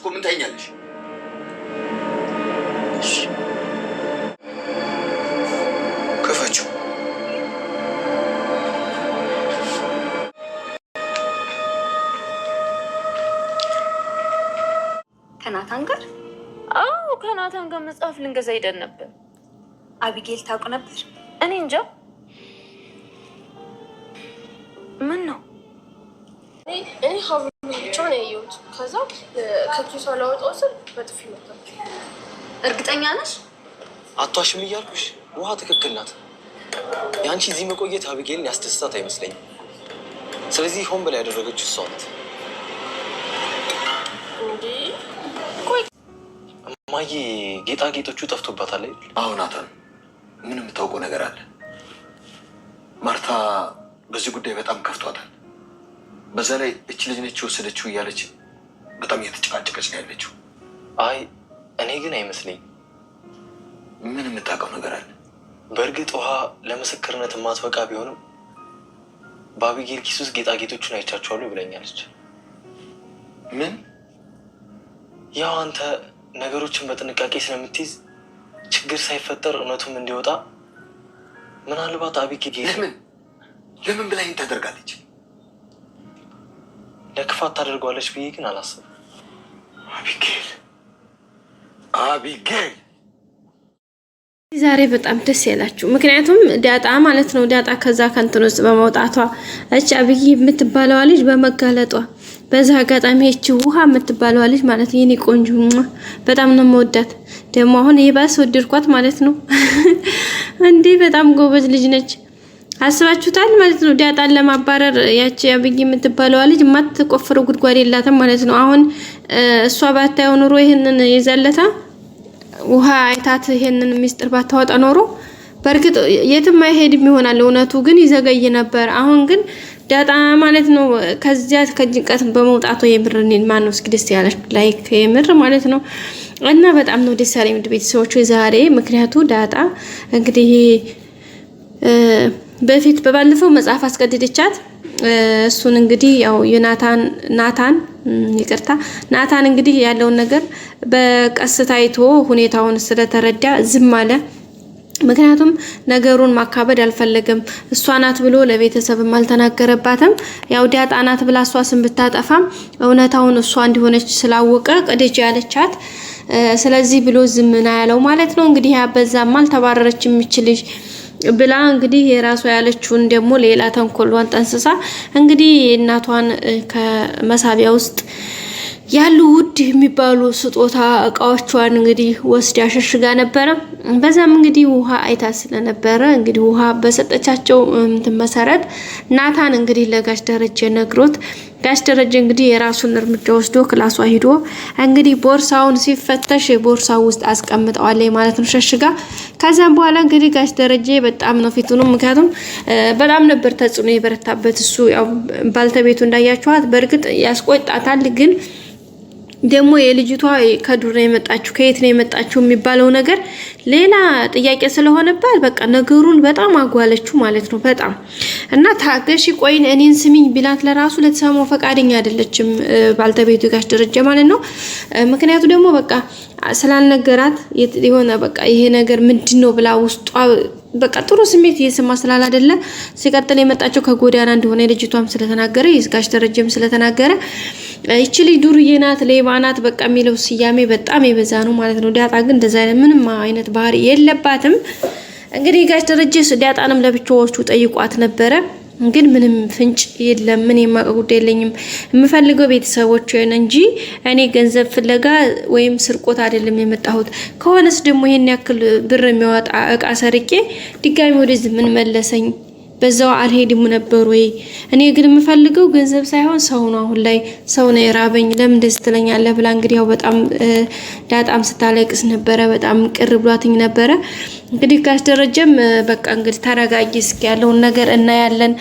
እኮ ምን ታይኛለሽ? ከናታን ጋር? አዎ ከናታን ጋር መጽሐፍ ልንገዛ ሄደን ነበር። አቢጌል ታውቅ ነበር? እኔ እንጃ። ምን ነው እኔ ብቻ ነው ከዛ ከኪሷ ለወጣው ስል በጥፊ መታች። እርግጠኛ ነሽ? አቷሽም እያልኩሽ ውሃ ትክክል ናት። የአንቺ እዚህ መቆየት አብጌልን ያስደስታት አይመስለኝም። ስለዚህ ሆን ብላ ያደረገችው እሷ ናት። እማዬ ጌጣጌጦቹ ጠፍቶባታል አዎ ናታን፣ ምን የምታውቀው ነገር አለ? ማርታ በዚህ ጉዳይ በጣም ከፍቷታል። በዛ ላይ እች ልጅ ነች የወሰደችው እያለች በጣም እየተጨቃጨቀች ነው ያለችው። አይ እኔ ግን አይመስለኝ። ምን የምታውቀው ነገር አለ? በእርግጥ ውሃ ለምስክርነት የማትበቃ ቢሆንም በአቢጌል ኪስ ውስጥ ጌጣጌጦቹን አይቻቸዋሉ ብለኛለች። ምን? ያው አንተ ነገሮችን በጥንቃቄ ስለምትይዝ ችግር ሳይፈጠር እውነቱም እንዲወጣ ምናልባት አቢጌል ለምን ለምን ብላኝ ታደርጋለች ለክፋት ታደርገዋለች ብዬ ግን አላስብም። አቢጌል አቢጌል ዛሬ በጣም ደስ ያላችሁ፣ ምክንያቱም ዳጣ ማለት ነው ዳጣ ከዛ ከንትን ውስጥ በመውጣቷ እች አብይ የምትባለዋ ልጅ በመጋለጧ በዛ አጋጣሚ እች ውሃ የምትባለዋ ልጅ ማለት የኔ ቆንጆ በጣም ነው መወዳት። ደግሞ አሁን የባስ ወድርኳት ማለት ነው። እንዲህ በጣም ጎበዝ ልጅ ነች። አስባችሁታል ማለት ነው። ዳጣን ለማባረር ያቺ አብይ የምትባለዋ ልጅ የማትቆፍረው ጉድጓድ የላትም ማለት ነው። አሁን እሷ ባታየው ኑሮ ይህንን ይዘለታ ውሃ አይታት ይሄንን ሚስጥር ባታወጣ ኖሮ በእርግጥ የትም አይሄድም ይሆናል። እውነቱ ግን ይዘገይ ነበር። አሁን ግን ዳጣ ማለት ነው ከዚያ ከጭንቀት በመውጣቱ የምር እኔን ማን ነው እስኪ ደስ ያለሽ ላይክ የምር ማለት ነው። እና በጣም ነው ደስ ያለኝ ቤተሰቦቹ የዛሬ ምክንያቱ ዳጣ እንግዲህ በፊት በባለፈው መጽሐፍ አስቀድድቻት እሱን እንግዲህ ያው የናታን ናታን ይቅርታ ናታን እንግዲህ ያለውን ነገር በቀስታ አይቶ ሁኔታውን ስለተረዳ ዝም አለ። ምክንያቱም ነገሩን ማካበድ አልፈለገም። እሷ ናት ብሎ ለቤተሰብም አልተናገረባትም። ያው ዳጣ ናት ብላ እሷ ስም ብታጠፋም እውነታውን እሷ እንዲሆነች ስላወቀ ቅድጅ ያለቻት ስለዚህ ብሎ ዝምና ያለው ማለት ነው። እንግዲህ ያበዛም አልተባረረች የምችልሽ ብላ እንግዲህ የራሷ ያለችውን ደግሞ ሌላ ተንኮሏን ጠንስሳ እንግዲህ እናቷን ከመሳቢያ ውስጥ ያሉ ውድ የሚባሉ ስጦታ እቃዎቿን እንግዲህ ወስዳ ሸሽጋ ነበረ። በዛም እንግዲህ ውሃ አይታ ስለነበረ እንግዲህ ውሃ በሰጠቻቸው እንትን መሰረት ናታን እንግዲህ ለጋሽ ደረጀ ነግሮት ጋሽ ደረጀ እንግዲህ የራሱን እርምጃ ወስዶ ክላሷ ሂዶ እንግዲህ ቦርሳውን ሲፈተሽ ቦርሳው ውስጥ አስቀምጠዋለች ማለት ነው ሸሽጋ። ከዚያም በኋላ እንግዲህ ጋሽ ደረጀ በጣም ነው ነው፣ ምክንያቱም በጣም ነበር ተጽዕኖ የበረታበት እሱ ያው ባልተቤቱ እንዳያችኋት በእርግጥ ያስቆጣታል ግን ደግሞ የልጅቷ ከዱር ነው የመጣችሁ ከየት ነው የመጣችሁ የሚባለው ነገር ሌላ ጥያቄ ስለሆነበት በቃ ነገሩን በጣም አጓለችው ማለት ነው። በጣም እና ታገሺ ቆይን እኔን ስሚኝ ቢላት ለራሱ ለተሰማው ፈቃደኛ አይደለችም ባልተቤቱ ጋሽ ደረጀ ማለት ነው። ምክንያቱ ደግሞ በቃ ስላልነገራት የሆነ በቃ ይሄ ነገር ምንድን ነው ብላ ውስጧ በቃ ጥሩ ስሜት እየሰማ ስላል አይደለ ሲቀጥል የመጣቸው ከጎዳና እንደሆነ የልጅቷም ስለተናገረ የጋሽ ደረጀም ስለተናገረ ይቺ ልጅ ዱርዬ ናት፣ ሌባ ናት፣ በቃ የሚለው ስያሜ በጣም የበዛ ነው ማለት ነው። ዳጣ ግን እንደዛ ምንም አይነት ባህሪ የለባትም። እንግዲህ ጋሽ ደረጀ ዳጣንም ለብቻዎቹ ጠይቋት ነበረ ግን ምንም ፍንጭ የለም። ምን የማውቀው ጉዳይ የለኝም። የምፈልገው ቤተሰቦችን እንጂ እኔ ገንዘብ ፍለጋ ወይም ስርቆት አይደለም የመጣሁት። ከሆነስ ደግሞ ይሄን ያክል ብር የሚያወጣ እቃ ሰርቄ ድጋሚ ወደዚህ ምን መለሰኝ? በዛው አልሄድም ነበር ወይ? እኔ ግን የምፈልገው ገንዘብ ሳይሆን ሰው ነው። አሁን ላይ ሰው ነው የራበኝ። ለምን ደስ ትለኛለህ ብላ እንግዲህ ያው በጣም ዳጣም ስታለቅስ ነበረ። በጣም ቅር ብሏትኝ ነበረ። እንግዲህ ጋሽ ደረጀም በቃ እንግዲህ ተረጋጊ፣ እስኪ ያለውን ነገር እናያለን፣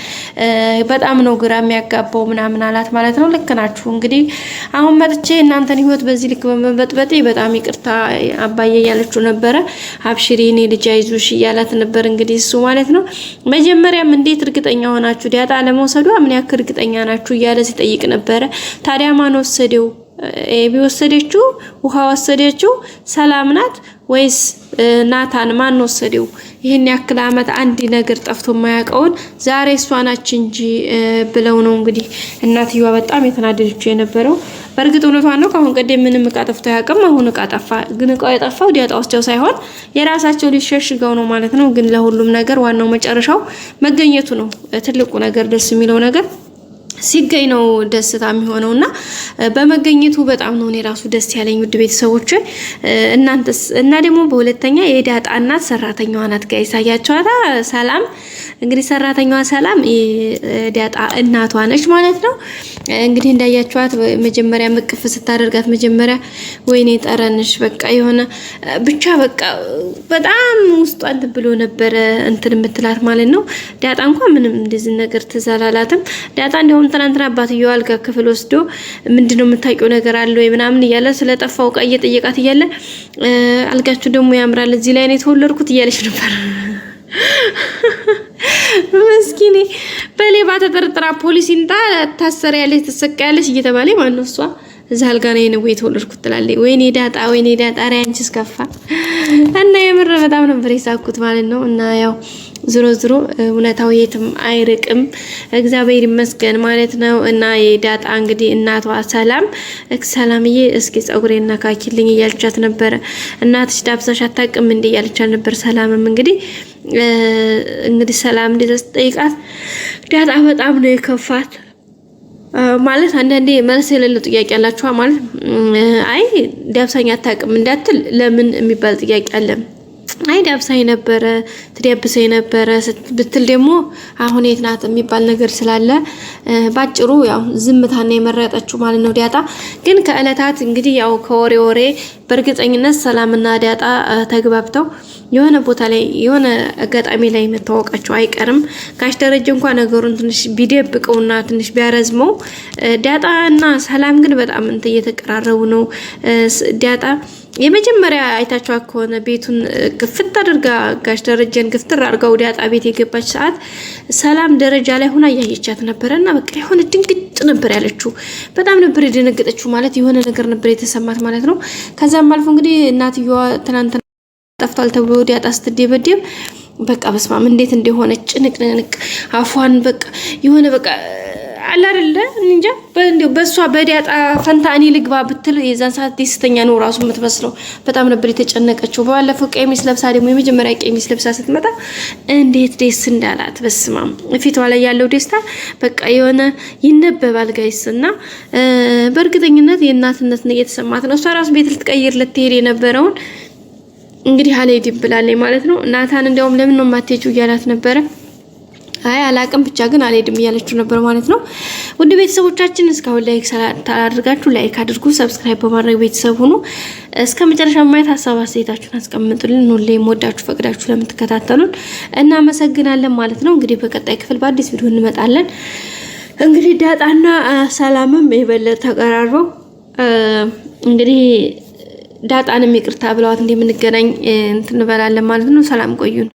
በጣም ነው ግራ የሚያጋባው ምናምን አላት ማለት ነው። ልክ ናችሁ። እንግዲህ አሁን መጥቼ እናንተን ህይወት በዚህ ልክ በመበጥበጤ በጣም ይቅርታ አባዬ እያለችው ነበረ። አብሽሪ፣ እኔ ልጅ አይዞሽ እያላት ነበር። እንግዲህ እሱ ማለት ነው መጀመሪያም እንዴት እርግጠኛ ሆናችሁ ዳጣ ለመውሰዷ ምን ያክል እርግጠኛ ናችሁ እያለ ሲጠይቅ ነበረ። ታዲያ ማን ወሰደው? ኤቢ ወሰደችው? ውሃ ወሰደችው? ሰላም ናት ወይስ ናታን ማን ወሰደው? ይህን ያክል አመት አንድ ነገር ጠፍቶ የማያውቀውን ዛሬ እሷ ናች እንጂ ብለው ነው እንግዲህ እናትየዋ በጣም የተናደደችው የነበረው። በእርግጥ እውነቷን ነው። ከአሁን ቀደም ምንም እቃ ጠፍቶ አያውቅም። አሁን እቃ ጠፋ። ግን እቃው የጠፋው ዲያጣ ሳይሆን የራሳቸው ሊሸሽገው ነው ማለት ነው። ግን ለሁሉም ነገር ዋናው መጨረሻው መገኘቱ ነው ትልቁ ነገር፣ ደስ የሚለው ነገር ሲገኝ ነው ደስታ የሚሆነው እና በመገኘቱ በጣም ነው እኔ ራሱ ደስ ያለኝ። ውድ ቤተሰቦች እናንተስ? እና ደግሞ በሁለተኛ የዳጣ እናት ሰራተኛዋ ናት ጋር ይሳያቸዋታ ሰላም እንግዲህ ሰራተኛዋ ሰላም ዳጣ እናቷ ነች ማለት ነው። እንግዲህ እንዳያችኋት መጀመሪያ መቅፍ ስታደርጋት መጀመሪያ ወይኔ ጠረንሽ በቃ የሆነ ብቻ በቃ በጣም ውስጧ እንትን ብሎ ነበረ እንትን የምትላት ማለት ነው። ዳጣ እንኳ ምንም እንደዚህ ነገር ትዝ አላላትም። ዳጣ እንዲሁም ትናንትና አባትየው አልጋ ክፍል ወስዶ ምንድነው የምታውቂው ነገር አለ ወይ ምናምን እያለ ስለጠፋው እቃ እየጠየቃት እያለ አልጋችሁ ደግሞ ያምራል እዚህ ላይ ነው የተወለድኩት እያለች ነበር። መስኪኔ በሌባ ተጠርጥራ ፖሊስ ይምጣ ታሰሪያለሽ፣ ያለች እየተባለ ማነው እሷ እዛ አልጋ ላይ ነው የተወለድኩት ትላለች። ወይኔ ዳጣ፣ ወይኔ ዳጣ፣ ኧረ አንቺስ ከፋ። እና የምር በጣም ነበር የሳኩት ማለት ነው። እና ያው ዝሮ ዝሮ እውነታው የትም አይርቅም እግዚአብሔር ይመስገን ማለት ነው። እና የዳጣ እንግዲህ እናቷ ሰላም ሰላምዬ፣ እስኪ ጸጉሬ ጸጉሬን ካኪልኝ እያልቻት ነበረ። እናትሽ ዳብሳሽ አታውቅም እንዲ እያለቻት ነበር። ሰላምም እንግዲህ እንግዲህ ሰላም እንደተጠይቃት ዳጣ በጣም ነው የከፋት። ማለት አንዳንዴ መልስ የሌለው ጥያቄ አላችኋ። ማለት አይ ዳብሳኝ አታውቅም እንዳትል ለምን የሚባል ጥያቄ አለም። አይ ዳብሳይ ነበረ ትዳብሰኝ ነበረ ብትል ደግሞ አሁን የት ናት የሚባል ነገር ስላለ ባጭሩ ያው ዝምታና የመረጠችው ማለት ነው። ዳጣ ግን ከእለታት እንግዲህ ያው ከወሬ ወሬ በእርግጠኝነት ሰላምና ዳጣ ተግባብተው የሆነ ቦታ ላይ የሆነ አጋጣሚ ላይ መታወቃቸው አይቀርም። ጋሽ ደረጀ እንኳ ነገሩን ትንሽ ቢደብቀውና ትንሽ ቢያረዝመው፣ ዳጣ እና ሰላም ግን በጣም እንትን እየተቀራረቡ ነው ዳጣ የመጀመሪያ አይታችኋ ከሆነ ቤቱን ግፍት አድርጋ ጋሽ ደረጀን ግፍትር አድርጋ ወደ አጣ ቤት የገባች ሰዓት ሰላም ደረጃ ላይ ሆና እያየቻት ነበረ እና በቃ የሆነ ድንግጥ ነበር ያለችው። በጣም ነበር የደነገጠችው፣ ማለት የሆነ ነገር ነበር የተሰማት ማለት ነው። ከዛም አልፎ እንግዲህ እናትየዋ ትናንትና ጠፍቷል ተብሎ ወደ አጣ ስትደበደብ በቃ በስማም እንዴት እንደሆነ ጭንቅንቅ አፏን በቃ የሆነ በቃ አለ አይደለ እንጃ በእሷ በዲያጣ ፈንታ እኔ ልግባ ብትል የዛን ሰዓት ደስተኛ ነው ራሱ የምትመስለው። በጣም ነበር የተጨነቀችው። በባለፈው ቀሚስ ለብሳ ደግሞ የመጀመሪያ ቀሚስ ለብሳ ስትመጣ እንዴት ደስ እንዳላት በስማም ፊቷ ላይ ያለው ደስታ በቃ የሆነ ይነበባል ጋይስ። እና በእርግጠኝነት የእናትነት ነው እየተሰማት ነው። እሷ ራሱ ቤት ልትቀይር ልትሄድ የነበረውን እንግዲህ አልሄድም ብላለች ማለት ነው። ናታን እንዲያውም ለምን ነው የማትሄጂው እያላት ነበረ አይ አላቅም ብቻ ግን አልሄድም እያለችው ነበር ማለት ነው። ውድ ቤተሰቦቻችን እስካሁን ላይክ አላደርጋችሁ ላይክ አድርጉ፣ ሰብስክራይብ በማድረግ ቤተሰብ ሁኑ። እስከ መጨረሻ ማየት ሀሳብ አስተያየታችሁን አስቀምጡልን። ሁሌም ወዳችሁ ፈቅዳችሁ ለምትከታተሉን እናመሰግናለን ማለት ነው። እንግዲህ በቀጣይ ክፍል በአዲስ ቪዲዮ እንመጣለን። እንግዲህ ዳጣና ሰላምም የበለጠ ተቀራርበው እንግዲህ ዳጣንም ይቅርታ ብለዋት እንደምንገናኝ እንትንበላለን ማለት ነው። ሰላም ቆዩን።